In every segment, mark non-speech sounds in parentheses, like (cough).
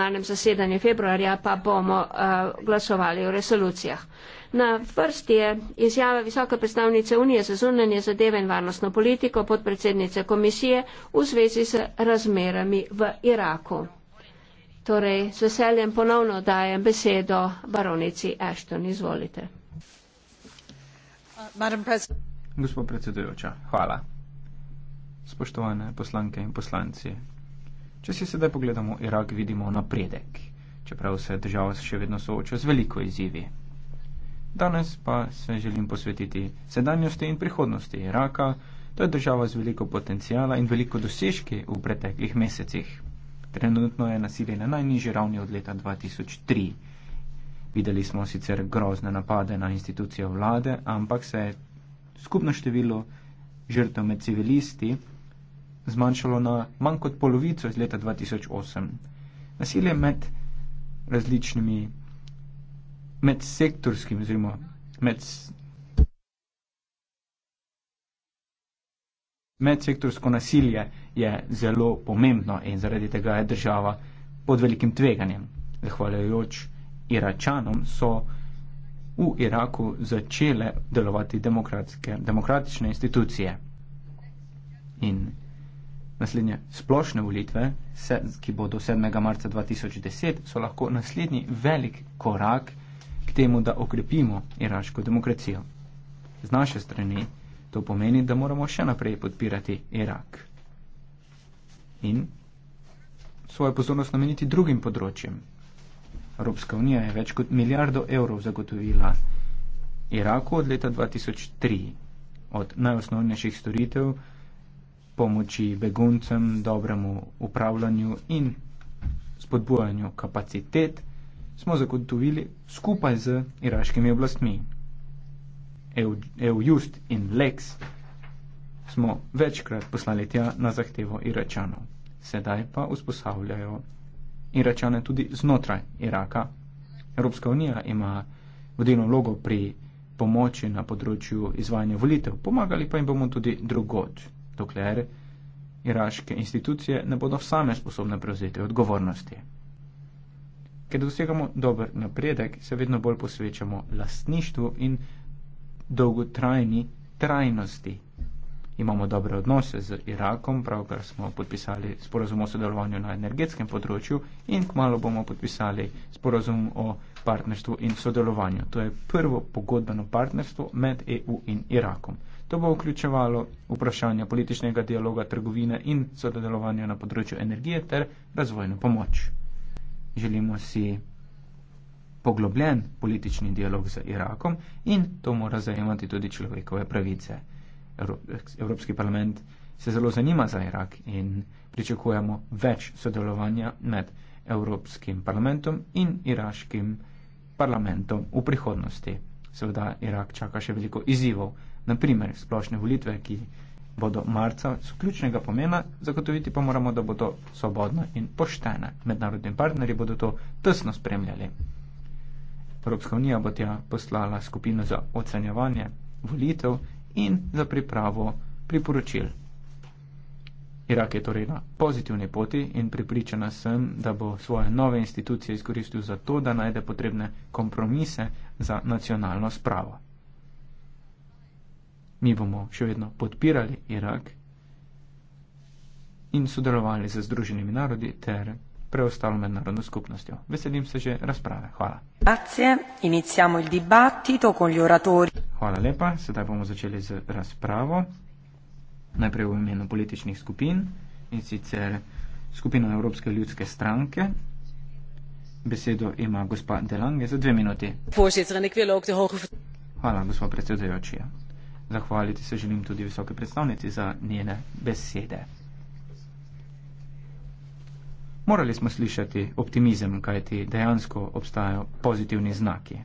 plenarnem zasedanju februarja pa bomo uh, glasovali o resolucijah. Na vrsti je izjava visoke predstavnice Unije za zunanje zadeve in varnostno politiko podpredsednice komisije v zvezi s razmerami v Iraku. Torej, z veseljem ponovno dajem besedo baronici Ashton. Izvolite. Gospod predsedujoča, hvala. Spoštovane poslanke in poslanci, Če si sedaj pogledamo Irak, vidimo napredek, čeprav se država še vedno sooča z veliko izzivi. Danes pa se želim posvetiti sedanjosti in prihodnosti Iraka. To je država z veliko potencijala in veliko dosežki v preteklih mesecih. Trenutno je nasilje na najnižji ravni od leta 2003. Videli smo sicer grozne napade na institucije vlade, ampak se je skupno število žrtev med civilisti zmanjšalo na manj kot polovico iz leta 2008. Nasilje med različnimi, med sektorskimi oziroma med, medsektorsko nasilje je zelo pomembno in zaradi tega je država pod velikim tveganjem. Zahvaljujoč Iračanom so v Iraku začele delovati demokratične institucije. Naslednje splošne volitve, se, ki bodo 7. marca 2010, so lahko naslednji velik korak k temu, da okrepimo iraško demokracijo. Z naše strani to pomeni, da moramo še naprej podpirati Irak in svojo pozornost nameniti drugim področjem. Evropska unija je več kot milijardo evrov zagotovila Iraku od leta 2003, od najosnovnejših storitev pomoči beguncem, dobremu upravljanju in spodbujanju kapacitet smo zagotovili skupaj z iraškimi oblastmi. EUJUST EU in LEX smo večkrat poslali tja na zahtevo Iračanov. Sedaj pa usposabljajo Iračane tudi znotraj Iraka. Evropska unija ima vodilno logo pri pomoči na področju izvajanja volitev, pomagali pa jim bomo tudi drugoč dokler iraške institucije ne bodo same sposobne prevzeti odgovornosti. Ker dosegamo dober napredek, se vedno bolj posvečamo lastništvu in dolgotrajni trajnosti. Imamo dobre odnose z Irakom, pravkar smo podpisali sporozum o sodelovanju na energetskem področju in kmalo bomo podpisali sporozum o partnerstvu in sodelovanju. To je prvo pogodbeno partnerstvo med EU in Irakom. To bo vključevalo vprašanja političnega dialoga, trgovine in sodelovanja na področju energije ter razvojno pomoč. Želimo si poglobljen politični dialog z Irakom in to mora zajemati tudi človekove pravice. Evropski parlament se zelo zanima za Irak in pričakujemo več sodelovanja med Evropskim parlamentom in iraškim parlamentom parlamentom v prihodnosti. Seveda Irak čaka še veliko izzivov, naprimer splošne volitve, ki bodo marca sključnega pomena, zagotoviti pa moramo, da bodo svobodne in poštene. Mednarodni partnerji bodo to tesno spremljali. Evropska unija bo tja poslala skupino za ocenjevanje volitev in za pripravo priporočil. Irak je torej na pozitivni poti in pripričana sem, da bo svoje nove institucije izkoristil za to, da najde potrebne kompromise za nacionalno spravo. Mi bomo še vedno podpirali Irak in sodelovali z Združenimi narodi ter preostalo mednarodno skupnostjo. Veselim se že razprave. Hvala. Hvala lepa. Sedaj bomo začeli z razpravo najprej v imenu političnih skupin in sicer skupino Evropske ljudske stranke. Besedo ima gospa Delange za dve minuti. Hvala, gospod predsedujoči. Zahvaliti se želim tudi visoke predstavnici za njene besede. Morali smo slišati optimizem, kajti dejansko obstajajo pozitivni znaki.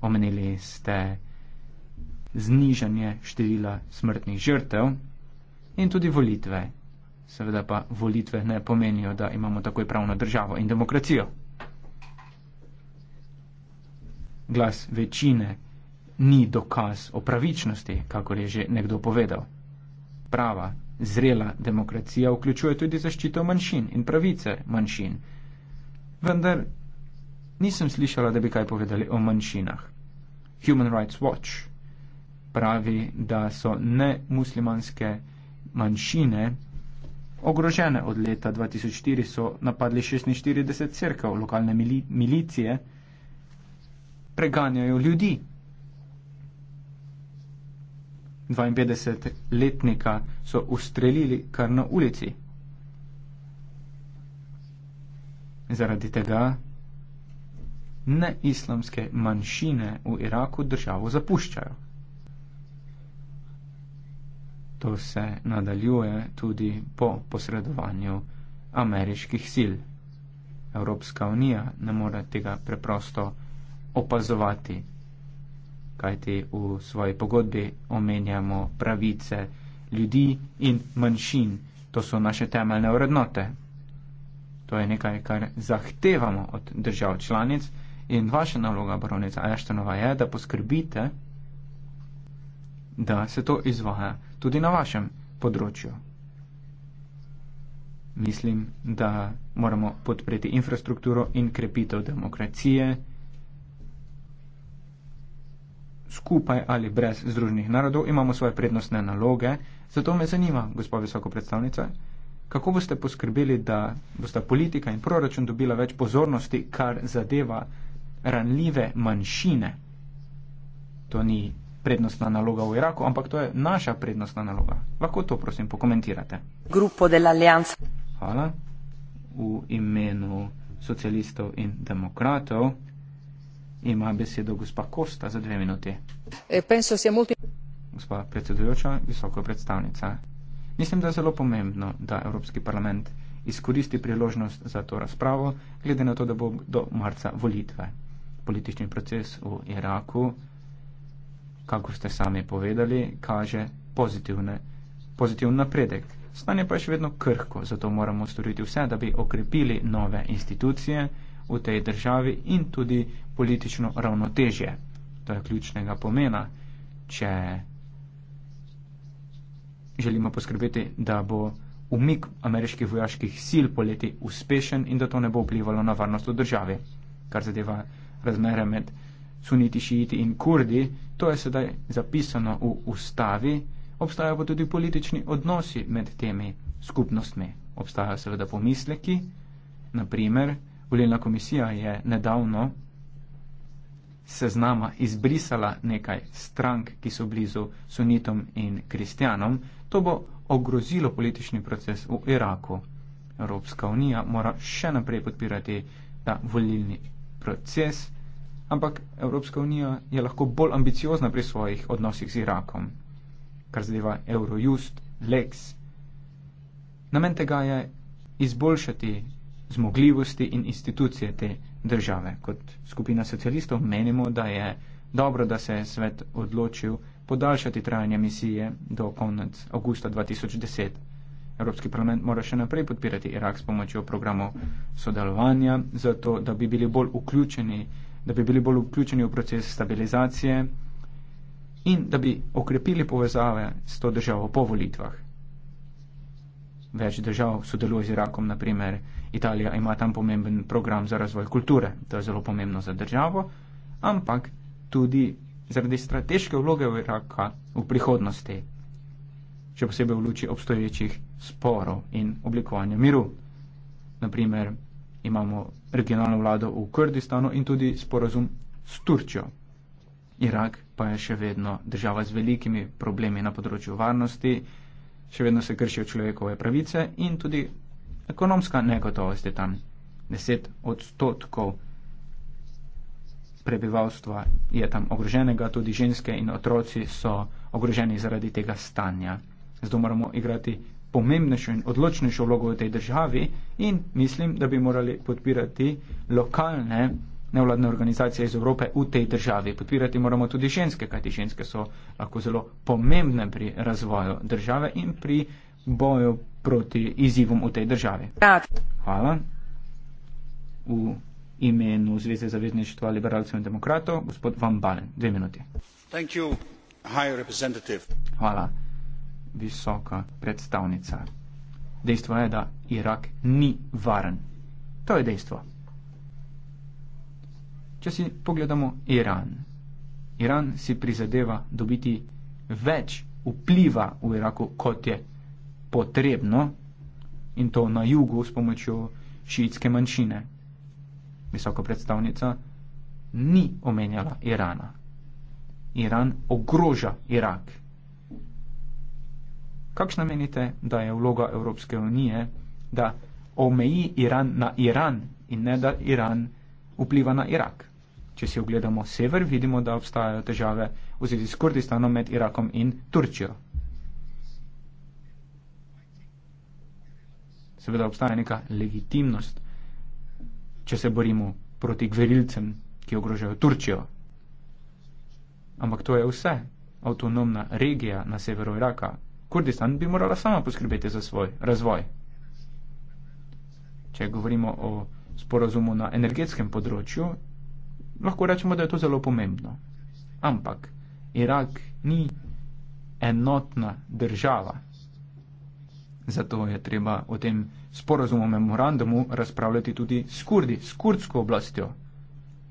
Omenili ste znižanje števila smrtnih žrtev, in tudi volitve. Seveda pa volitve ne pomenijo, da imamo takoj pravno državo in demokracijo. Glas večine ni dokaz o pravičnosti, kakor je že nekdo povedal. Prava, zrela demokracija vključuje tudi zaščito manjšin in pravice manjšin. Vendar nisem slišala, da bi kaj povedali o manjšinah. Human Rights Watch pravi, da so nemuslimanske manjšine. Ogrožene od leta 2004 so napadli 46 crkv, lokalne mili milicije preganjajo ljudi. 52-letnika so ustrelili kar na ulici. Zaradi tega neislamske manjšine v Iraku državo zapuščajo. To se nadaljuje tudi po posredovanju ameriških sil. Evropska unija ne more tega preprosto opazovati, kajti v svoji pogodbi omenjamo pravice ljudi in manjšin. To so naše temeljne vrednote. To je nekaj, kar zahtevamo od držav članic in vaša naloga, baronica Ashtonova, je, da poskrbite, da se to izvaja tudi na vašem področju. Mislim, da moramo podpreti infrastrukturo in krepitev demokracije skupaj ali brez združenih narodov, imamo svoje prednostne naloge. Zato me zanima, gospod visoko predstavnica, kako boste poskrbeli, da bosta politika in proračun dobila več pozornosti, kar zadeva ranljive manjšine. To ni prednostna naloga v Iraku, ampak to je naša prednostna naloga. Lahko to, prosim, pokomentirate. Hvala. V imenu socialistov in demokratov ima besedo gospa Kosta za dve minuti. E, gospa predsedujoča, visoka predstavnica. Mislim, da je zelo pomembno, da Evropski parlament izkoristi priložnost za to razpravo, glede na to, da bo do marca volitve. Politični proces v Iraku kako ste sami povedali, kaže pozitiven napredek. Stanje pa je še vedno krhko, zato moramo storiti vse, da bi okrepili nove institucije v tej državi in tudi politično ravnotežje. To je ključnega pomena, če želimo poskrbeti, da bo umik ameriških vojaških sil poleti uspešen in da to ne bo vplivalo na varnost v državi. Kar zadeva razmere med suniti, šijiti in kurdi, To je sedaj zapisano v ustavi, obstajajo pa tudi politični odnosi med temi skupnostmi. Obstajajo seveda pomisleki, naprimer, volilna komisija je nedavno seznama izbrisala nekaj strank, ki so blizu sunitom in kristjanom. To bo ogrozilo politični proces v Iraku. Evropska unija mora še naprej podpirati ta volilni proces ampak Evropska unija je lahko bolj ambiciozna pri svojih odnosih z Irakom, kar zadeva Eurojust, Lex. Namen tega je izboljšati zmogljivosti in institucije te države. Kot skupina socialistov menimo, da je dobro, da se je svet odločil podaljšati trajanje misije do konec avgusta 2010. Evropski parlament mora še naprej podpirati Irak s pomočjo programov sodelovanja, zato da bi bili bolj vključeni da bi bili bolj vključeni v proces stabilizacije in da bi okrepili povezave s to državo po volitvah. Več držav sodeluje z Irakom, naprimer Italija ima tam pomemben program za razvoj kulture, to je zelo pomembno za državo, ampak tudi zaradi strateške vloge v Iraka v prihodnosti, še posebej v luči obstoječih sporov in oblikovanja miru. Naprimer, imamo regionalno vlado v Kurdistanu in tudi sporazum s Turčjo. Irak pa je še vedno država z velikimi problemi na področju varnosti, še vedno se kršijo človekove pravice in tudi ekonomska negotovost je tam. 10 odstotkov prebivalstva je tam ogroženega, tudi ženske in otroci so ogroženi zaradi tega stanja. Zato moramo igrati pomembnejšo in odločnejšo vlogo v tej državi in mislim, da bi morali podpirati lokalne nevladne organizacije iz Evrope v tej državi. Podpirati moramo tudi ženske, kajti ženske so lahko zelo pomembne pri razvoju države in pri boju proti izzivom v tej državi. Hvala. V imenu Zveze zavezništva liberalcev in demokratov, gospod Van Balen. Dve minuti. Hvala visoka predstavnica. Dejstvo je, da Irak ni varen. To je dejstvo. Če si pogledamo Iran. Iran si prizadeva dobiti več vpliva v Iraku, kot je potrebno, in to na jugu s pomočjo šiitske manjšine. Visoka predstavnica ni omenjala Irana. Iran ogroža Irak. Kakšna menite, da je vloga Evropske unije, da omeji Iran na Iran in ne da Iran vpliva na Irak? Če si ogledamo sever, vidimo, da obstajajo težave v zvezi s Kurdistanom med Irakom in Turčijo. Seveda obstaja neka legitimnost, če se borimo proti gverilcem, ki ogrožajo Turčijo. Ampak to je vse. Avtonomna regija na severu Iraka Kurdistan bi morala sama poskrbeti za svoj razvoj. Če govorimo o sporazumu na energetskem področju, lahko rečemo, da je to zelo pomembno. Ampak Irak ni enotna država. Zato je treba o tem sporazumu, memorandumu razpravljati tudi s kurdi, s kurdsko oblastjo.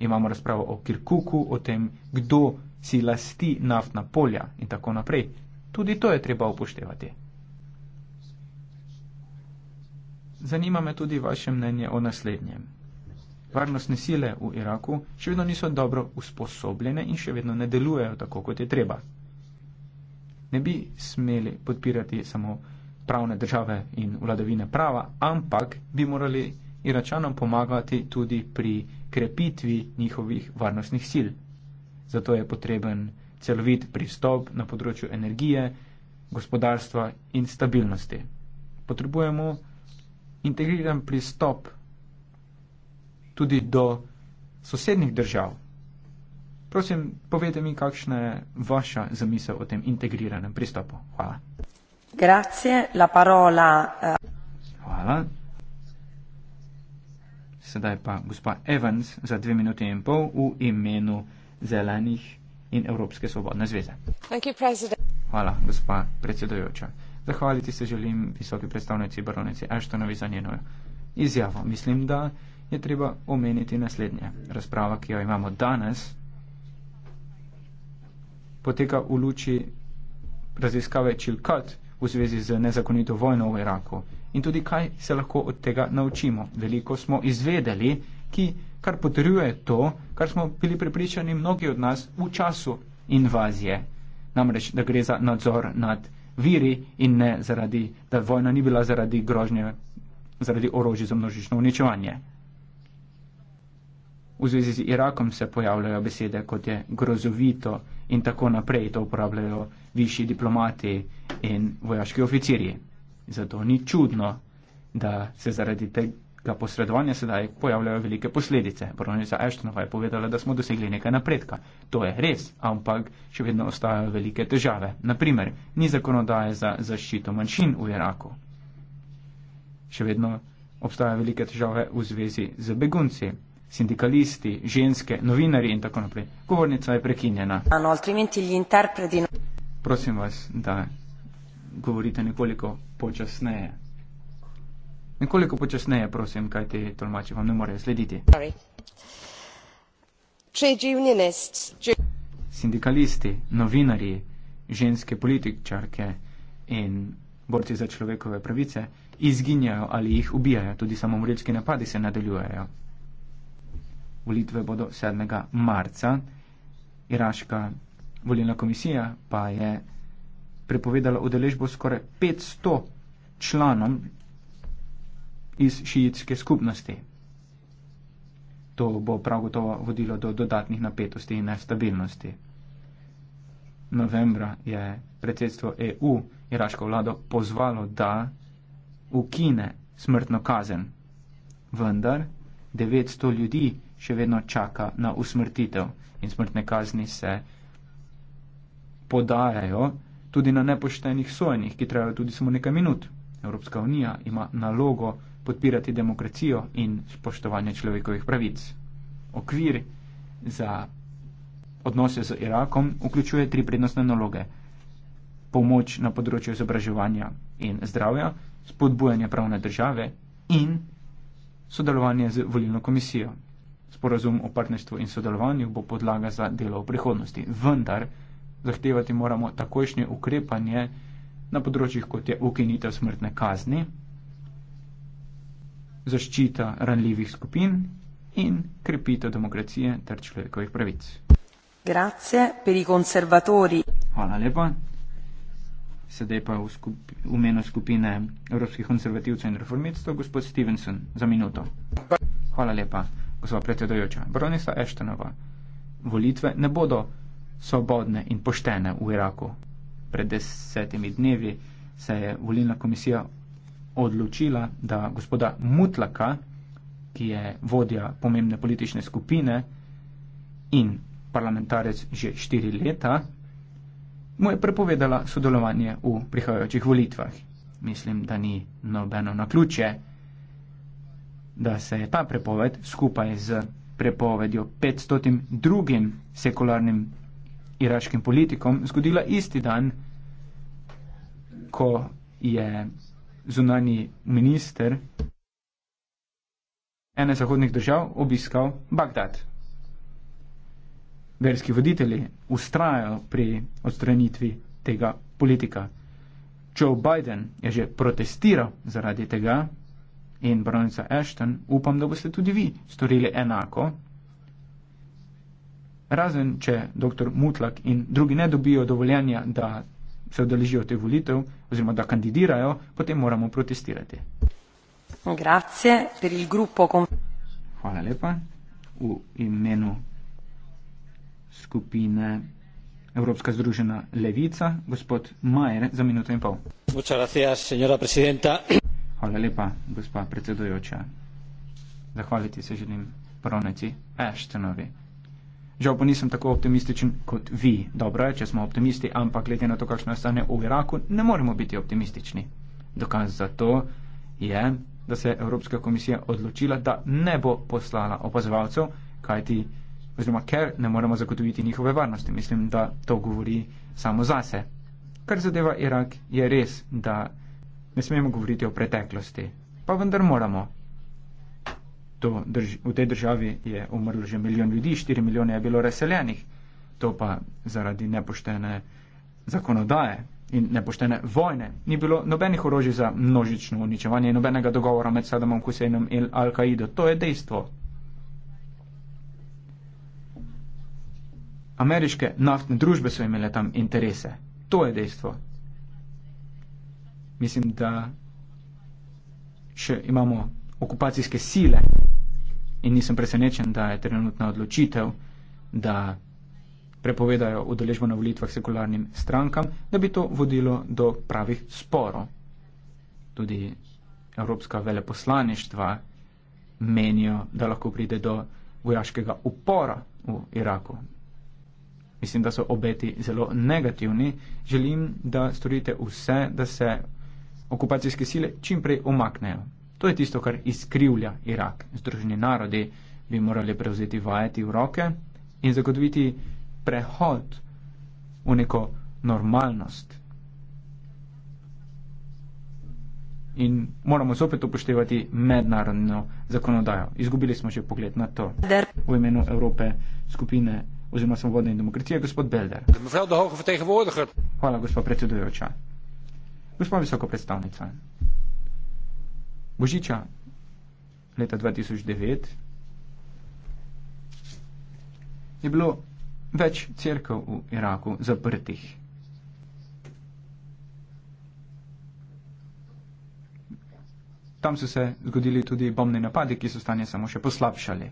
Imamo razpravo o Kirkuku, o tem, kdo si lasti naftna polja in tako naprej. Tudi to je treba upoštevati. Zanima me tudi vaše mnenje o naslednjem. Varnostne sile v Iraku še vedno niso dobro usposobljene in še vedno ne delujejo tako, kot je treba. Ne bi smeli podpirati samo pravne države in vladavine prava, ampak bi morali Iračanom pomagati tudi pri krepitvi njihovih varnostnih sil. Zato je potreben celovit pristop na področju energije, gospodarstva in stabilnosti. Potrebujemo integriran pristop tudi do sosednjih držav. Prosim, povedite mi, kakšna je vaša zamisel o tem integriranem pristopu. Hvala. Grazie, la parola. Eh. Hvala. Sedaj pa gospa Evans za dve minute in pol v imenu zelenih in Evropske svobodne zveze. Hvala, gospa predsedojoča. Zahvaliti se želim visoki predstavnici baronici Ashtonovi za njeno izjavo. Mislim, da je treba omeniti naslednje. Razprava, ki jo imamo danes, poteka v luči raziskave Chilkat v zvezi z nezakonito vojno v Iraku. In tudi kaj se lahko od tega naučimo. Veliko smo izvedeli, ki kar potrjuje to, kar smo bili prepričani mnogi od nas v času invazije. Namreč, da gre za nadzor nad viri in ne zaradi, da vojna ni bila zaradi grožnje, zaradi orožja za množično uničevanje. V zvezi z Irakom se pojavljajo besede, kot je grozovito in tako naprej, to uporabljajo višji diplomati in vojaški oficirji. Zato ni čudno, da se zaradi tega ga posredovanja sedaj pojavljajo velike posledice. Bronica Eštonova je povedala, da smo dosegli nekaj napredka. To je res, ampak še vedno ostajajo velike težave. Naprimer, ni zakonodaje za zaščito manjšin v Iraku. Še vedno obstajajo velike težave v zvezi z begunci. Sindikalisti, ženske, novinari in tako naprej. Govornica je prekinjena. No, Prosim vas, da govorite nekoliko počasneje. Nekoliko počasneje, prosim, kaj ti tolmači vam ne morejo slediti. Sindikalisti, novinari, ženske političarke in borci za človekove pravice izginjajo ali jih ubijajo, tudi samomorilski napadi se nadaljujejo. Volitve bodo 7. marca. Iraška volilna komisija pa je prepovedala udeležbo skoraj 500 članom iz šiitske skupnosti. To bo prav gotovo vodilo do dodatnih napetosti in nestabilnosti. Novembra je predsedstvo EU iraško vlado pozvalo, da ukine smrtno kazen. Vendar 900 ljudi še vedno čaka na usmrtitev in smrtne kazni se podajajo tudi na nepoštenih sojenih, ki trajajo tudi samo nekaj minut. Evropska unija ima nalogo podpirati demokracijo in spoštovanje človekovih pravic. Okvir za odnose z Irakom vključuje tri prednostne naloge: pomoč na področju izobraževanja in zdravja, spodbujanje pravne države in sodelovanje z volilno komisijo. Sporazum o partnerstvu in sodelovanju bo podlaga za delo v prihodnosti, vendar zahtevati moramo takojšnje ukrepanje na področjih, kot je ukinitev smrtne kazni zaščita ranljivih skupin in krepitev demokracije ter človekovih pravic. Grazie per i conservatori. Hvala lepa. Sedaj pa v imenu skup skupine Evropskih konservativcev in reformistov, gospod Stevenson, za minuto. Hvala lepa, gospod predsedojoča. Bronisa Eštenova, volitve ne bodo svobodne in poštene v Iraku. Pred desetimi dnevi se je volilna komisija odločila, da gospoda Mutlaka, ki je vodja pomembne politične skupine in parlamentarec že štiri leta, mu je prepovedala sodelovanje v prihajajočih volitvah. Mislim, da ni nobeno na ključe, da se je ta prepoved skupaj z prepovedjo 500 drugim sekularnim iraškim politikom zgodila isti dan, ko je zunani minister ene zahodnih držav obiskal Bagdad. Verski voditelji ustrajajo pri odstranitvi tega politika. Joe Biden je že protestiral zaradi tega in bronica Ashton, upam, da boste tudi vi storili enako. Razen, če dr. Mutlak in drugi ne dobijo dovoljenja, da se odeležijo te volitev oziroma da kandidirajo, potem moramo protestirati. Grazie per il gruppo. Hvala lepa. V imenu skupine Evropska združena levica, gospod Majer, za minuto in pol. Gracias, Hvala lepa, gospa predsedujoča. Zahvaliti se želim poronici Eštenovi. Žal pa nisem tako optimističen kot vi. Dobro je, če smo optimisti, ampak glede na to, kakšno je stanje v Iraku, ne moremo biti optimistični. Dokaz za to je, da se je Evropska komisija odločila, da ne bo poslala opazovalcev, kajti, oziroma ker ne moremo zagotoviti njihove varnosti. Mislim, da to govori samo zase. Kar zadeva Irak, je res, da ne smemo govoriti o preteklosti. Pa vendar moramo, drž v tej državi je umrlo že milijon ljudi, 4 milijone je bilo razseljenih. To pa zaradi nepoštene zakonodaje in nepoštene vojne. Ni bilo nobenih orožij za množično uničevanje in nobenega dogovora med Sadamom Huseinom in Al-Kaido. To je dejstvo. Ameriške naftne družbe so imele tam interese. To je dejstvo. Mislim, da še imamo okupacijske sile, in nisem presenečen, da je trenutna odločitev, da prepovedajo udeležbo na volitvah sekularnim strankam, da bi to vodilo do pravih sporov. Tudi evropska veleposlaništva menijo, da lahko pride do vojaškega upora v Iraku. Mislim, da so obeti zelo negativni. Želim, da storite vse, da se okupacijske sile čimprej omaknejo. To je tisto, kar izkrivlja Irak. Združeni narodi bi morali prevzeti vajeti v roke in zagotoviti prehod v neko normalnost. In moramo zopet upoštevati mednarodno zakonodajo. Izgubili smo že pogled na to. V imenu Evrope skupine oziroma svobodne in demokracije, gospod Belder. Hvala, gospod predsedujoča. Gospod visoko predstavnica. Božiča leta 2009 je bilo več crkv v Iraku zaprtih. Tam so se zgodili tudi bombni napadi, ki so stanje samo še poslabšali.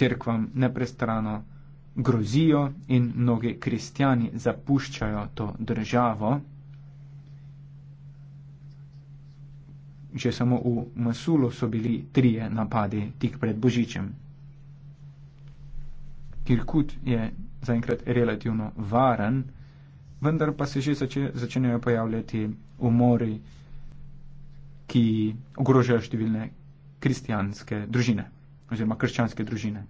Cerkvam neprestrano grozijo in mnogi kristijani zapuščajo to državo. že samo v Masulu so bili trije napadi tik pred Božičem. Kirkut je zaenkrat relativno varen, vendar pa se že začenjajo pojavljati umori, ki ogrožajo številne kristijanske družine oziroma krščanske družine.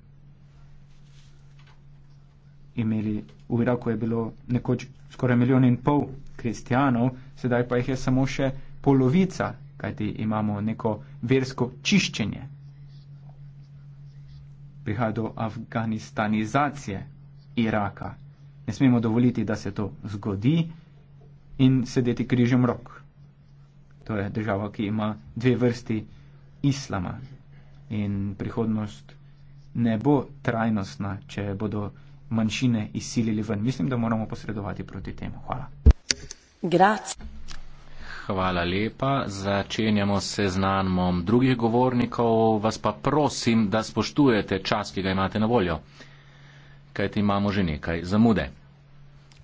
Imeli v Iraku je bilo nekoč skoraj milijon in pol kristijanov, sedaj pa jih je samo še polovica kajti imamo neko versko čiščenje. Prihaja do afganistanizacije Iraka. Ne smemo dovoliti, da se to zgodi in sedeti križem rok. To je država, ki ima dve vrsti islama in prihodnost ne bo trajnostna, če bodo manjšine izsilili ven. Mislim, da moramo posredovati proti temu. Hvala. Grac hvala lepa. Začenjamo seznanom drugih govornikov, vas pa prosim, da spoštujete čas, ki ga imate na voljo, kajti imamo že nekaj zamude.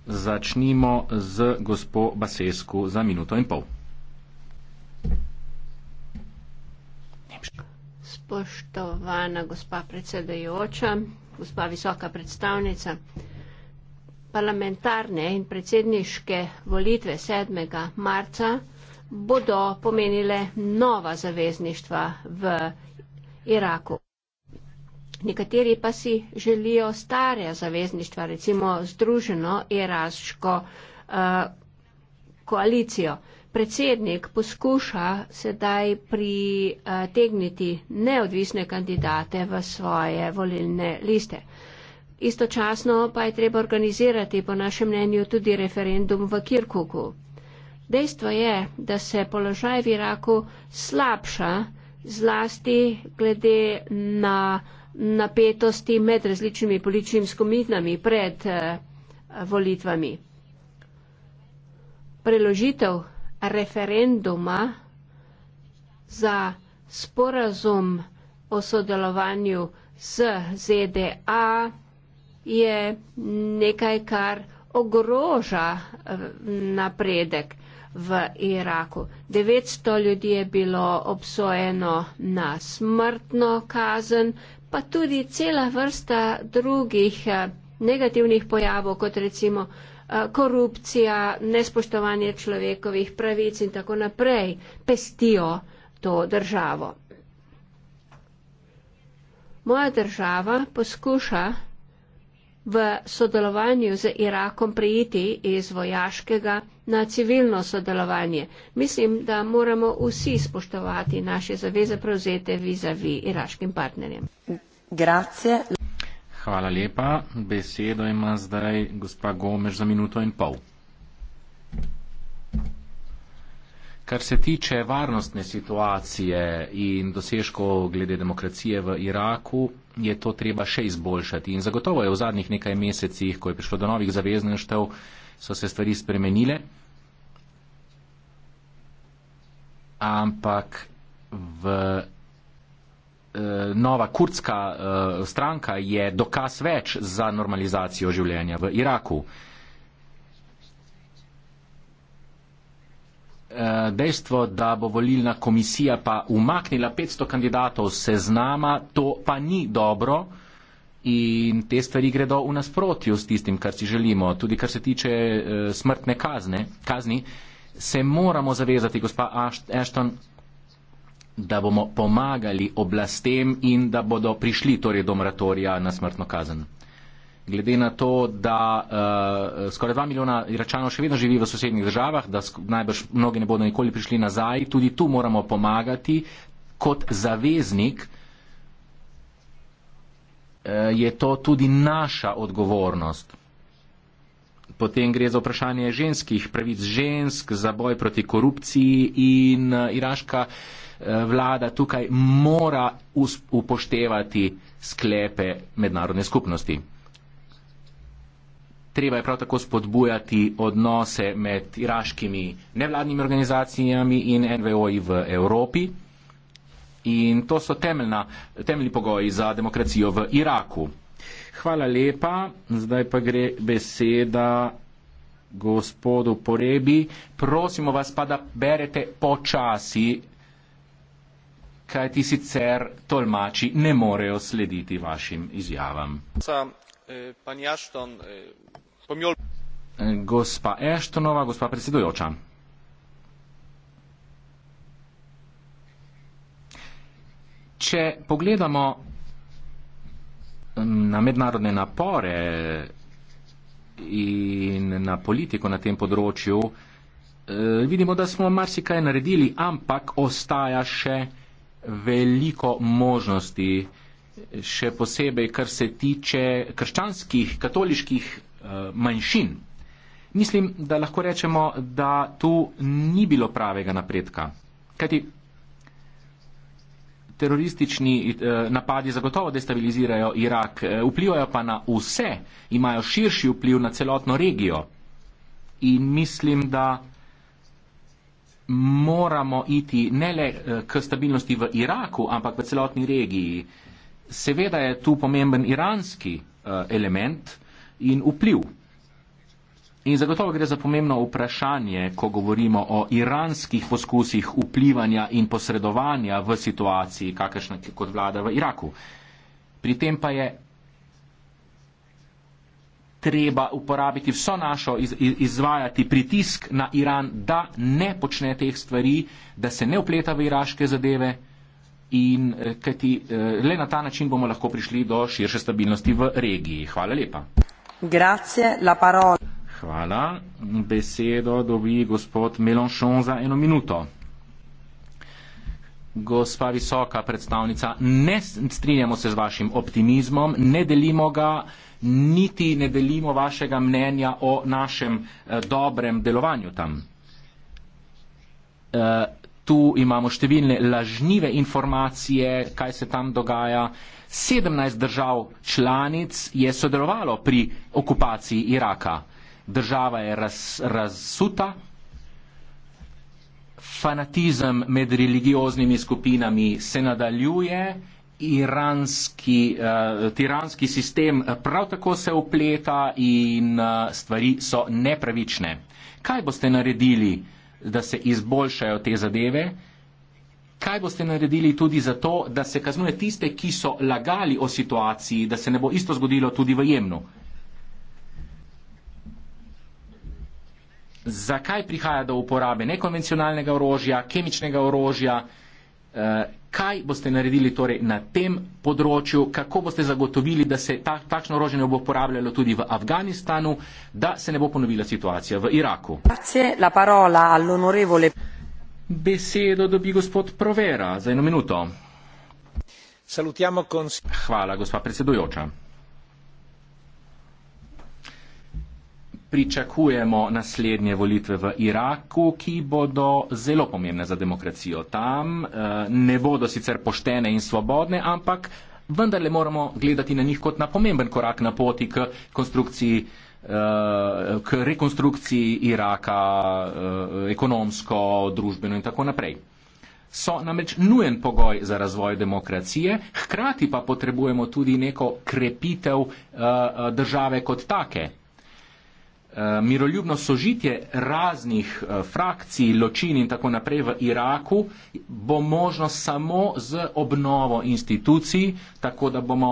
Začnimo z gospo Basesku za minuto in pol. Spoštovana gospa predsedajoča, gospa visoka predstavnica, parlamentarne in predsedniške volitve 7. marca bodo pomenile nova zavezništva v Iraku. Nekateri pa si želijo stare zavezništva, recimo združeno iraško uh, koalicijo. Predsednik poskuša sedaj pritegniti neodvisne kandidate v svoje volilne liste. Istočasno pa je treba organizirati, po našem mnenju, tudi referendum v Kirkuku, Dejstvo je, da se položaj v Iraku slabša zlasti glede na napetosti med različnimi političnimi skupinami pred eh, volitvami. Preložitev referenduma za sporazum o sodelovanju z ZDA je nekaj, kar ogroža eh, napredek v Iraku. 900 ljudi je bilo obsojeno na smrtno kazen, pa tudi cela vrsta drugih eh, negativnih pojavov, kot recimo eh, korupcija, nespoštovanje človekovih pravic in tako naprej, pestijo to državo. Moja država poskuša v sodelovanju z Irakom prijeti iz vojaškega na civilno sodelovanje. Mislim, da moramo vsi spoštovati naše zaveze prevzete vizavi iraškim partnerjem. Grazie. Hvala lepa. Besedo ima zdaj gospa Gomež za minuto in pol. Kar se tiče varnostne situacije in dosežkov glede demokracije v Iraku, je to treba še izboljšati. In zagotovo je v zadnjih nekaj mesecih, ko je prišlo do novih zavezništev, so se stvari spremenile. Ampak v, e, nova kurdska e, stranka je dokaz več za normalizacijo življenja v Iraku. Eh, dejstvo, da bo volilna komisija pa umaknila 500 kandidatov seznama, to pa ni dobro in te stvari gredo v nasprotju s tistim, kar si želimo. Tudi kar se tiče eh, smrtne kazne, kazni, se moramo zavezati, gospa Ashton, da bomo pomagali oblastem in da bodo prišli torej do moratorija na smrtno kazen glede na to, da uh, skoraj dva milijona Iračanov še vedno živi v sosednjih državah, da najbrž mnogi ne bodo nikoli prišli nazaj, tudi tu moramo pomagati kot zaveznik. Eh, je to tudi naša odgovornost. Potem gre za vprašanje ženskih pravic žensk, za boj proti korupciji in eh, iraška vlada tukaj mora upoštevati sklepe mednarodne skupnosti treba je prav tako spodbujati odnose med iraškimi nevladnimi organizacijami in NVO-ji v Evropi. In to so temeljna, temeljni pogoji za demokracijo v Iraku. Hvala lepa. Zdaj pa gre beseda gospodu Porebi. Prosimo vas pa, da berete počasi, kaj ti sicer tolmači ne morejo slediti vašim izjavam. Eh, pani Ashton, eh, Gospa Eštonova, gospa predsedujoča. Če pogledamo na mednarodne napore in na politiko na tem področju, e, vidimo, da smo marsikaj naredili, ampak ostaja še veliko možnosti, še posebej, kar se tiče krščanskih, katoliških Eh, manjšin. Mislim, da lahko rečemo, da tu ni bilo pravega napredka. Kajti teroristični eh, napadi zagotovo destabilizirajo Irak, eh, vplivajo pa na vse, imajo širši vpliv na celotno regijo. In mislim, da moramo iti ne le k stabilnosti v Iraku, ampak v celotni regiji. Seveda je tu pomemben iranski element, in vpliv. In zagotovo gre za pomembno vprašanje, ko govorimo o iranskih poskusih vplivanja in posredovanja v situaciji, kakršna kot vlada v Iraku. Pri tem pa je treba uporabiti vso našo, iz, izvajati pritisk na Iran, da ne počne teh stvari, da se ne upleta v iraške zadeve in eh, kajti eh, le na ta način bomo lahko prišli do širše stabilnosti v regiji. Hvala lepa. Grazie, la parola. Hvala. Besedo dobi gospod Melonšon za eno minuto. Gospa visoka predstavnica, ne strinjamo se z vašim optimizmom, ne delimo ga, niti ne delimo vašega mnenja o našem eh, dobrem delovanju tam. Eh, tu imamo številne lažnive informacije, kaj se tam dogaja. 17 držav članic je sodelovalo pri okupaciji Iraka. Država je raz, razsuta, fanatizem med religioznimi skupinami se nadaljuje, iranski, uh, tiranski sistem prav tako se upleta in uh, stvari so nepravične. Kaj boste naredili? da se izboljšajo te zadeve. Kaj boste naredili tudi za to, da se kaznuje tiste, ki so lagali o situaciji, da se ne bo isto zgodilo tudi v Jemnu? Zakaj prihaja do uporabe nekonvencionalnega orožja, kemičnega orožja? Eh, kaj boste naredili torej na tem področju, kako boste zagotovili, da se ta, takšno orožje ne bo uporabljalo tudi v Afganistanu, da se ne bo ponovila situacija v Iraku. Besedo dobi gospod Provera za eno minuto. Hvala, gospa predsedujoča. pričakujemo naslednje volitve v Iraku, ki bodo zelo pomembne za demokracijo tam. Eh, ne bodo sicer poštene in svobodne, ampak vendarle moramo gledati na njih kot na pomemben korak na poti k konstrukciji eh, k rekonstrukciji Iraka eh, ekonomsko, družbeno in tako naprej. So namreč nujen pogoj za razvoj demokracije, hkrati pa potrebujemo tudi neko krepitev države kot take. Eh, miroljubno sožitje raznih eh, frakcij, ločin in tako naprej v Iraku bo možno samo z obnovo institucij, tako da bomo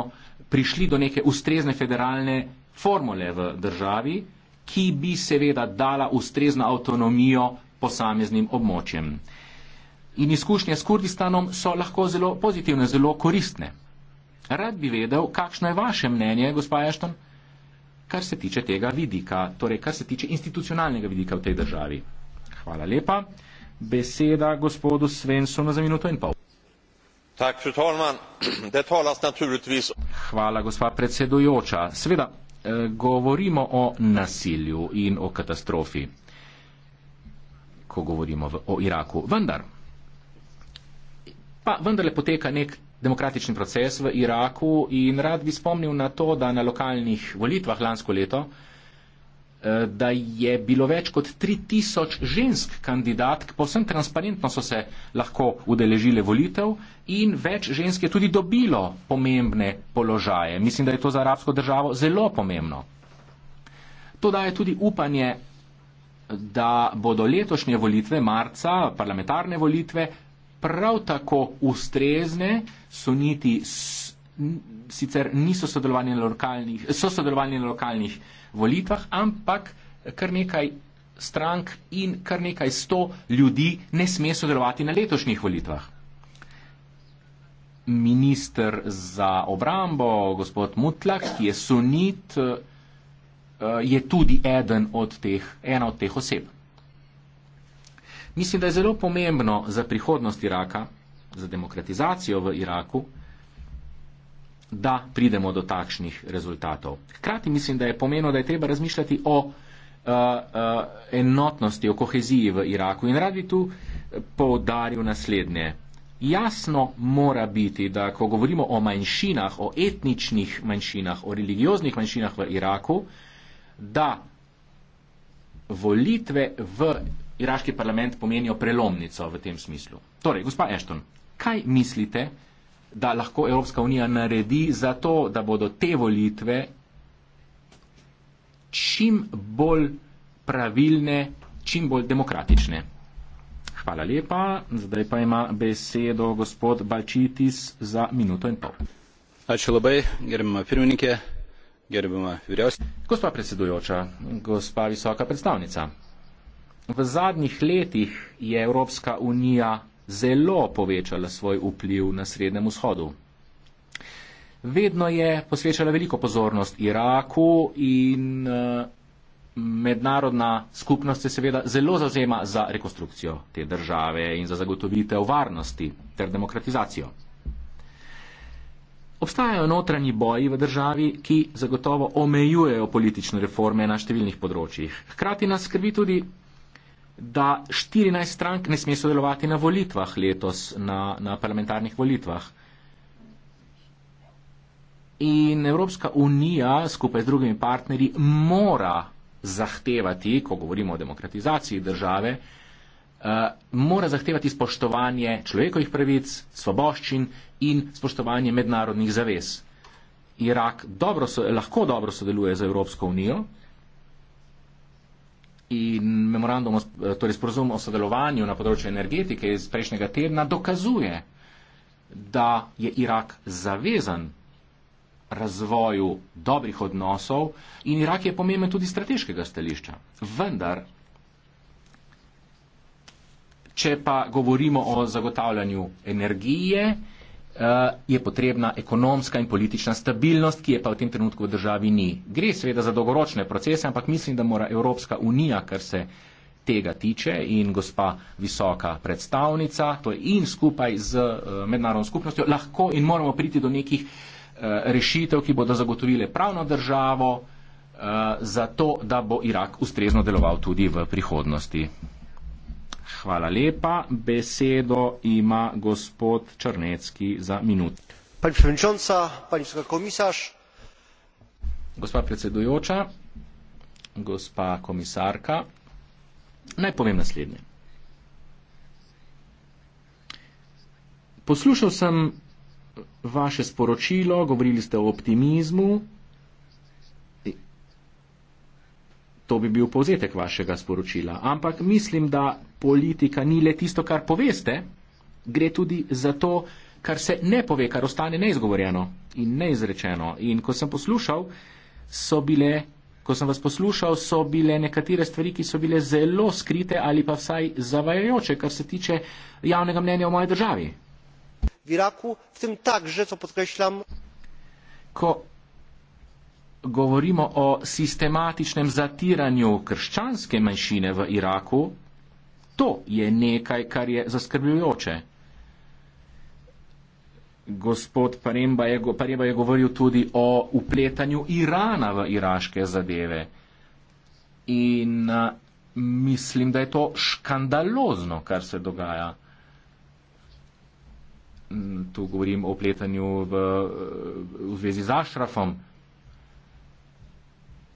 prišli do neke ustrezne federalne formule v državi, ki bi seveda dala ustrezno avtonomijo posameznim območjem. In izkušnje s Kurdistanom so lahko zelo pozitivne, zelo koristne. Rad bi vedel, kakšno je vaše mnenje, gospod Ashton. Uh, kar se tiče tega vidika, torej kar se tiče institucionalnega vidika v tej državi. Hvala lepa. Beseda gospodu Svensonu za minuto in pol. Tak, talman, (clears throat) Hvala, gospa predsedujoča. Sveda, eh, govorimo o nasilju in o katastrofi, ko govorimo v, o Iraku. Vendar, pa vendarle poteka nek demokratični proces v Iraku in rad bi spomnil na to, da na lokalnih volitvah lansko leto, eh, da je bilo več kot 3000 žensk kandidatk, povsem transparentno so se lahko udeležile volitev in več žensk je tudi dobilo pomembne položaje. Mislim, da je to za arabsko državo zelo pomembno. To daje tudi upanje, da bodo letošnje volitve, marca, parlamentarne volitve, prav tako ustrezne, so niti sicer niso sodelovanje na lokalnih, so sodelovanje na lokalnih volitvah, ampak kar nekaj strank in kar nekaj sto ljudi ne sme sodelovati na letošnjih volitvah. Ministr za obrambo, gospod Mutlak, ki je sunit, eh, je tudi eden od teh, ena od teh oseb. Mislim, da je zelo pomembno za prihodnost Iraka, za demokratizacijo v Iraku, da pridemo do takšnih rezultatov. Hkrati mislim, da je pomeno, da je treba razmišljati o uh, uh, enotnosti, o koheziji v Iraku. In rad bi tu eh, poudaril naslednje. Jasno mora biti, da ko govorimo o manjšinah, o etničnih manjšinah, o religioznih manjšinah v Iraku, da volitve v iraški parlament pomenijo prelomnico v tem smislu. Torej, gospa Ashton, kaj mislite, da lahko Evropska unija naredi za to, da bodo te volitve čim bolj pravilne, čim bolj demokratične? Hvala lepa. Zdaj pa ima besedo gospod Balčitis za minuto in pol. Ačiū labai, gerbima pirmininkė, gerbima vyriausia. Gospa predsedujoča, gospa visoka predstavnica. V zadnjih letih je Evropska unija zelo povečala svoj vpliv na Srednjem vzhodu. Vedno je posvečala veliko pozornost Iraku in eh, mednarodna skupnost se seveda zelo zazema za rekonstrukcijo te države in za zagotovitev varnosti ter demokratizacijo. Obstajajo notranji boji v državi, ki zagotovo omejujejo politične reforme na številnih področjih. Hkrati nas skrbi tudi da 14 strank ne sme sodelovati na volitvah letos, na, na parlamentarnih volitvah. In Evropska unija skupaj z drugimi partnerji mora zahtevati, ko govorimo o demokratizaciji države, uh, mora zahtevati spoštovanje človekovih pravic, svoboščin in spoštovanje mednarodnih zavez. Irak dobro so, lahko dobro sodeluje z Evropsko unijo, In memorandum, eh, torej sporozum o sodelovanju na področju energetike iz prejšnjega tedna dokazuje, da je Irak zavezan razvoju dobrih odnosov in Irak je pomemben tudi strateškega stališča. Vendar, če pa govorimo o zagotavljanju energije, Eh, je potrebna ekonomska in politična stabilnost, ki je pa v tem trenutku v državi ni. Gre seveda za dolgoročne procese, ampak mislim, da mora Evropska unija, kar se tega tiče in gospa visoka predstavnica, to je in skupaj z eh, mednarodno skupnostjo, lahko in moramo priti do nekih eh, rešitev, ki bodo zagotovile pravno državo, zato da bo Irak ustrezno deloval tudi v prihodnosti. Hvala lepa. Besedo ima gospod Črnecki za minuto. Pani predsednica, pani visoka komisarš. Gospa predsedujoča, gospa komisarka, naj povem naslednje. Poslušal sem vaše sporočilo, govorili ste o optimizmu. To bi bil povzetek vašega sporočila. Ampak mislim, da politika ni le tisto, kar poveste, gre tudi za to, kar se ne pove, kar ostane neizgovorjeno in neizrečeno. In ko sem poslušal, so bile, ko sem vas poslušal, so bile nekatere stvari, ki so bile zelo skrite ali pa vsaj zavajajoče, kar se tiče javnega mnenja o moji državi. V Iraku, v tem takže, to podkrešljam. Ko govorimo o sistematičnem zatiranju krščanske manjšine v Iraku, To je nekaj, kar je zaskrbljujoče. Gospod Paremba je, Paremba je govoril tudi o upletanju Irana v iraške zadeve. In a, mislim, da je to škandalozno, kar se dogaja. Tu govorim o upletanju v, v zvezi z Ašrafom.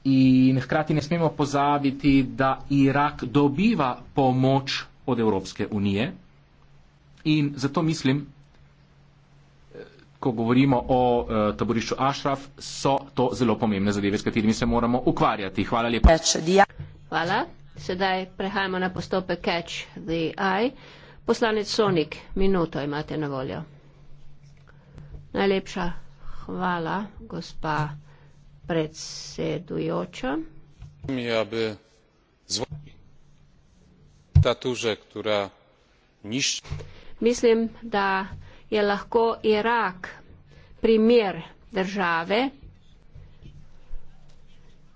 In hkrati ne smemo pozabiti, da Irak dobiva pomoč od Evropske unije. In zato mislim, eh, ko govorimo o eh, taborišču Ašraf, so to zelo pomembne zadeve, s katerimi se moramo ukvarjati. Hvala lepa. Hvala. Sedaj prehajamo na postopek Catch the Eye. Poslanec Sonik, minuto imate na voljo. Najlepša hvala, gospa predsedujoča. želim si aby zvon diktature ktorá ničí. mislim da je lahko irak primer države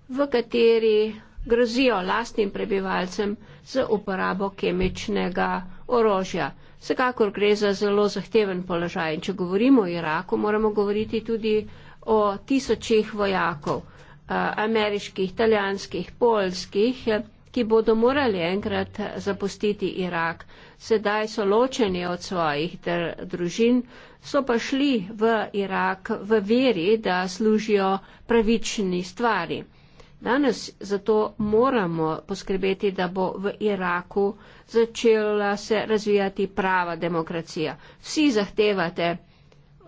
v kateri grozijo lastnim prebivalcem z uporabo kemičnega orožja. vsekakor gre za zelo zahteven položaj in če govorimo o iraku moramo govoriti tudi o o tisočih vojakov, eh, ameriških, italijanskih, polskih, eh, ki bodo morali enkrat zapustiti Irak. Sedaj so ločeni od svojih družin, so pa šli v Irak v veri, da služijo pravični stvari. Danes zato moramo poskrbeti, da bo v Iraku začela se razvijati prava demokracija. Vsi zahtevate,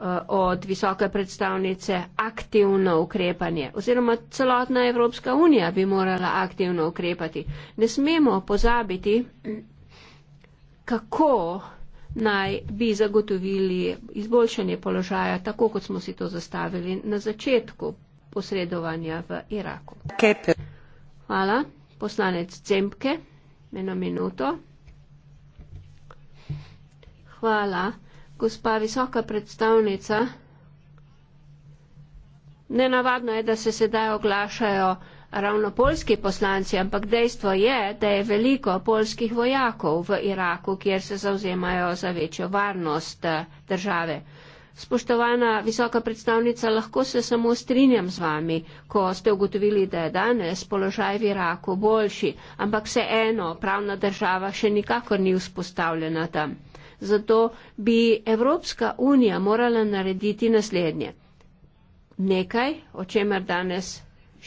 Eh, od visoke predstavnice aktivno ukrepanje. Oziroma celotna Evropska unija bi morala aktivno ukrepati. Ne smemo pozabiti, kako naj bi zagotovili izboljšanje položaja, tako kot smo si to zastavili na začetku posredovanja v Iraku. Hvala. Poslanec Cempke, eno minuto. Hvala gospa visoka predstavnica. Nenavadno je, da se sedaj oglašajo ravno polski poslanci, ampak dejstvo je, da je veliko polskih vojakov v Iraku, kjer se zauzemajo za večjo varnost eh, države. Spoštovana visoka predstavnica, lahko se samo strinjam z vami, ko ste ugotovili, da je danes položaj v Iraku boljši, ampak se eno, pravna država še nikakor ni vzpostavljena tam. Zato bi Evropska unija morala narediti naslednje. Nekaj, o čemer danes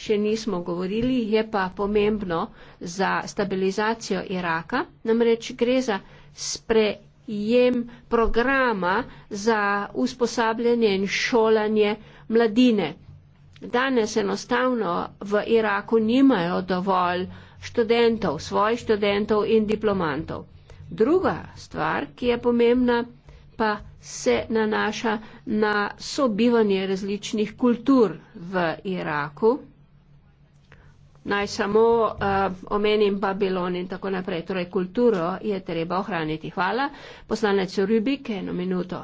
še nismo govorili, je pa pomembno za stabilizacijo Iraka, namreč gre za sprejem programa za usposabljanje in šolanje mladine. Danes enostavno v Iraku nimajo dovolj študentov, svojih študentov in diplomantov. Druga stvar, ki je pomembna, pa se nanaša na sobivanje različnih kultur v Iraku. Naj samo uh, omenim Babilon in tako naprej. Torej, kulturo je treba ohraniti. Hvala. Poslanec Rubik, eno minuto.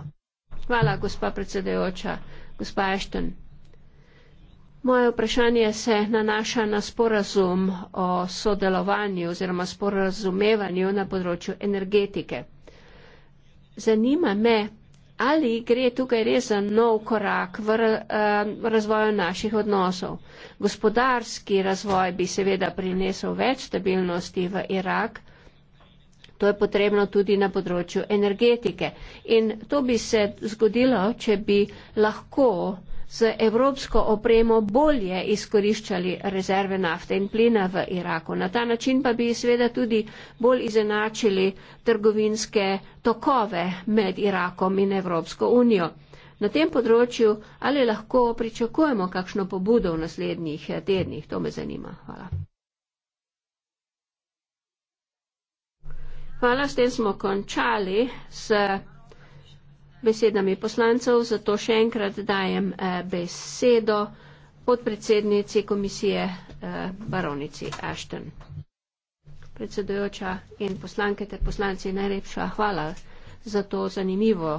Hvala, gospa predsedajoča. Gospa Ešten. Moje vprašanje se nanaša na sporazum o sodelovanju oziroma sporazumevanju na področju energetike. Zanima me, ali gre tukaj res za nov korak v eh, razvoju naših odnosov. Gospodarski razvoj bi seveda prinesel več stabilnosti v Irak. To je potrebno tudi na področju energetike. In to bi se zgodilo, če bi lahko z evropsko opremo bolje izkoriščali rezerve nafte in plina v Iraku. Na ta način pa bi seveda tudi bolj izenačili trgovinske tokove med Irakom in Evropsko unijo. Na tem področju ali lahko pričakujemo kakšno pobudo v naslednjih eh, tednih? To me zanima. Hvala. Hvala, s tem smo končali s besedami poslancev, zato še enkrat dajem eh, besedo podpredsednici komisije eh, baronici Ashton. Predsedujoča in poslanke ter poslanci, najlepša hvala za to zanimivo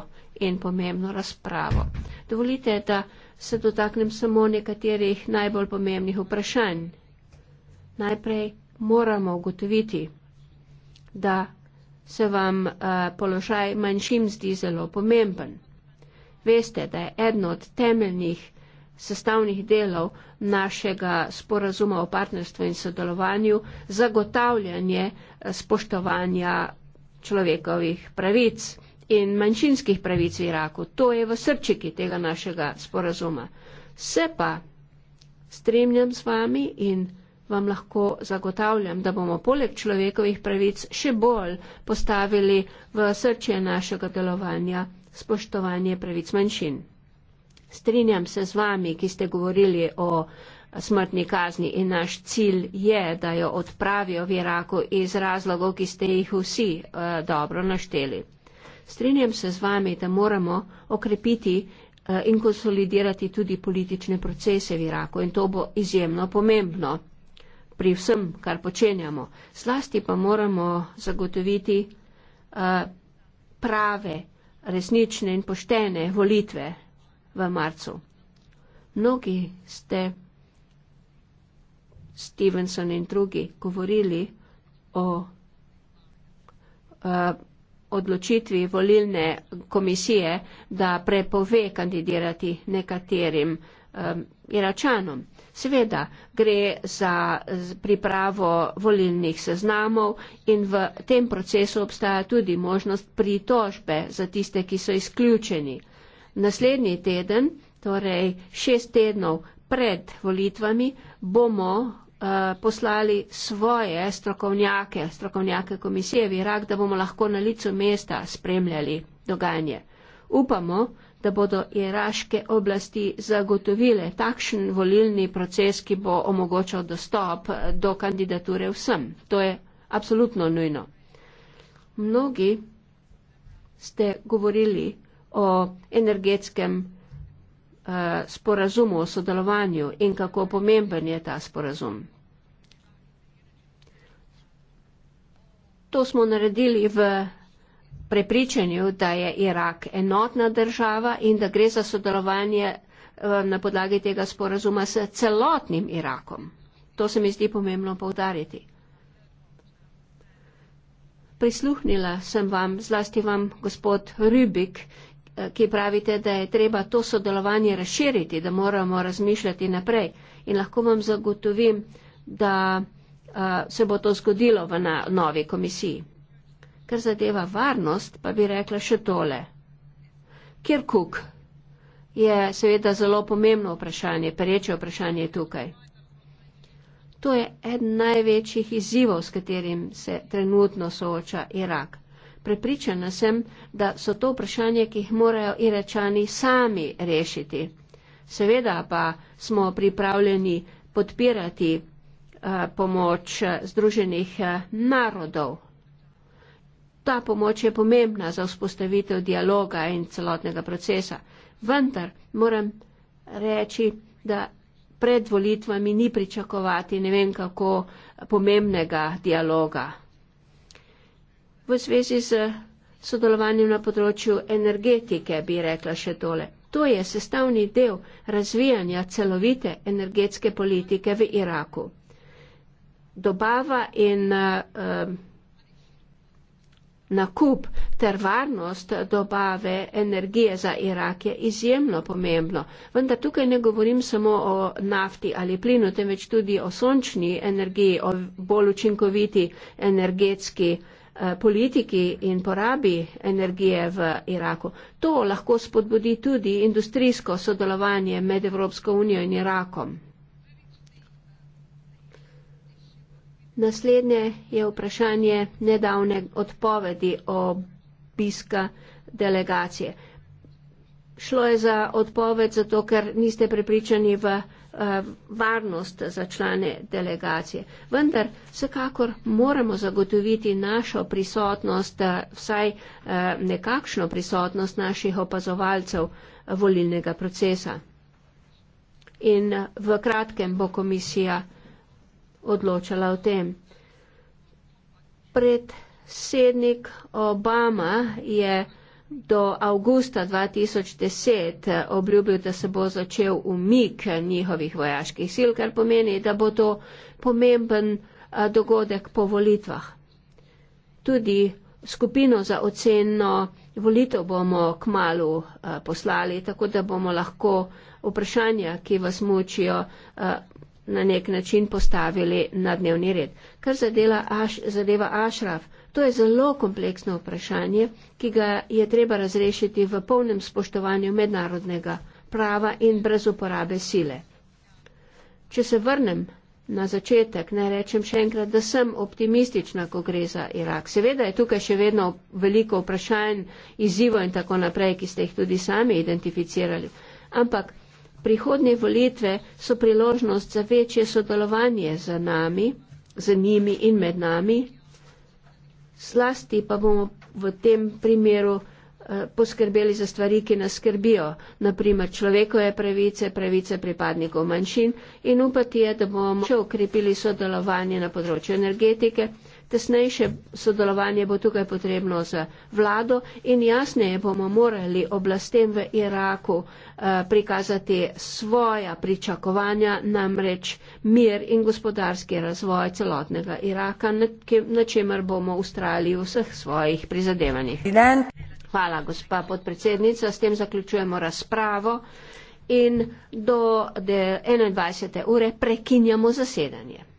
in pomembno razpravo. Dovolite, da se dotaknem samo nekaterih najbolj pomembnih vprašanj. Najprej moramo ugotoviti, da se vam eh, položaj manjšim zdi zelo pomemben. Veste, da je eno od temeljnih sestavnih delov našega sporazuma o partnerstvu in sodelovanju zagotavljanje eh, spoštovanja človekovih pravic in manjšinskih pravic v Iraku. To je v srčiki tega našega sporazuma. Se pa strinjam z vami in vam lahko zagotavljam, da bomo poleg človekovih pravic še bolj postavili v srčje našega delovanja spoštovanje pravic manjšin. Strinjam se z vami, ki ste govorili o smrtni kazni in naš cilj je, da jo odpravijo v Iraku iz razlogov, ki ste jih vsi uh, dobro našteli. Strinjam se z vami, da moramo okrepiti uh, in konsolidirati tudi politične procese v Iraku in to bo izjemno pomembno pri vsem, kar počenjamo. Slasti pa moramo zagotoviti uh, prave, resnične in poštene volitve v marcu. Mnogi ste, Stevenson in drugi, govorili o uh, odločitvi volilne komisije, da prepove kandidirati nekaterim uh, Um, Iračanom. Seveda gre za pripravo volilnih seznamov in v tem procesu obstaja tudi možnost pritožbe za tiste, ki so izključeni. Naslednji teden, torej šest tednov pred volitvami, bomo uh, poslali svoje strokovnjake, strokovnjake komisije v Irak, da bomo lahko na licu mesta spremljali dogajanje. Upamo, da bodo iraške oblasti zagotovile takšen volilni proces, ki bo omogočal dostop do kandidature vsem. To je absolutno nujno. Mnogi ste govorili o energetskem eh, sporazumu, o sodelovanju in kako pomemben je ta sporazum. To smo naredili v prepričanju, da je Irak enotna država in da gre za sodelovanje eh, na podlagi tega sporazuma s celotnim Irakom. To se mi zdi pomembno povdariti. Prisluhnila sem vam, zlasti vam, gospod Rübik, eh, ki pravite, da je treba to sodelovanje razširiti, da moramo razmišljati naprej. In lahko vam zagotovim, da eh, se bo to zgodilo v novi komisiji. Kar zadeva varnost, pa bi rekla še tole. Kirkuk je seveda zelo pomembno vprašanje, pereče vprašanje tukaj. To je eden največjih izzivov, s katerim se trenutno sooča Irak. Prepričana sem, da so to vprašanje, ki jih morajo Iračani sami rešiti. Seveda pa smo pripravljeni podpirati uh, pomoč eh, Združenih uh, narodov. Ta pomoč je pomembna za vzpostavitev dialoga in celotnega procesa. Vendar moram reči, da pred volitvami ni pričakovati ne vem kako pomembnega dialoga. V zvezi z sodelovanjem na področju energetike bi rekla še tole. To je sestavni del razvijanja celovite energetske politike v Iraku. Dobava in. Uh, nakup ter varnost dobave energije za Irak je izjemno pomembno. Vendar tukaj ne govorim samo o nafti ali plinu, temveč tudi o sončni energiji, o bolj učinkoviti energetski eh, politiki in porabi energije v Iraku. To lahko spodbudi tudi industrijsko sodelovanje med Evropsko unijo in Irakom. Naslednje je vprašanje nedavne odpovedi obiska delegacije. Šlo je za odpoved zato, ker niste prepričani v eh, varnost za člane delegacije. Vendar vsekakor moramo zagotoviti našo prisotnost, eh, vsaj eh, nekakšno prisotnost naših opazovalcev volilnega procesa. In v kratkem bo komisija odločala o tem. Predsednik Obama je do avgusta 2010 obljubil, da se bo začel umik njihovih vojaških sil, kar pomeni, da bo to pomemben dogodek po volitvah. Tudi skupino za oceno volitev bomo k malu poslali, tako da bomo lahko vprašanja, ki vas mučijo, na nek način postavili na dnevni red. Kar zadeva, aš, zadeva Ašraf, to je zelo kompleksno vprašanje, ki ga je treba razrešiti v polnem spoštovanju mednarodnega prava in brez uporabe sile. Če se vrnem na začetek, naj rečem še enkrat, da sem optimistična, ko gre za Irak. Seveda je tukaj še vedno veliko vprašanj, izzivo in tako naprej, ki ste jih tudi sami identificirali. Ampak prihodnje volitve so priložnost za večje sodelovanje za nami, za njimi in med nami. Slasti pa bomo v tem primeru eh, poskrbeli za stvari, ki nas skrbijo, naprimer človekove pravice, pravice pripadnikov manjšin in upati je, da bomo še ukrepili sodelovanje na področju energetike tesnejše sodelovanje bo tukaj potrebno z vlado in jasneje bomo morali oblastem v Iraku eh, prikazati svoja pričakovanja, namreč mir in gospodarski razvoj celotnega Iraka, na čemer bomo ustrajali v vseh svojih prizadevanjih. Hvala, gospa podpredsednica. S tem zaključujemo razpravo in do 21. ure prekinjamo zasedanje.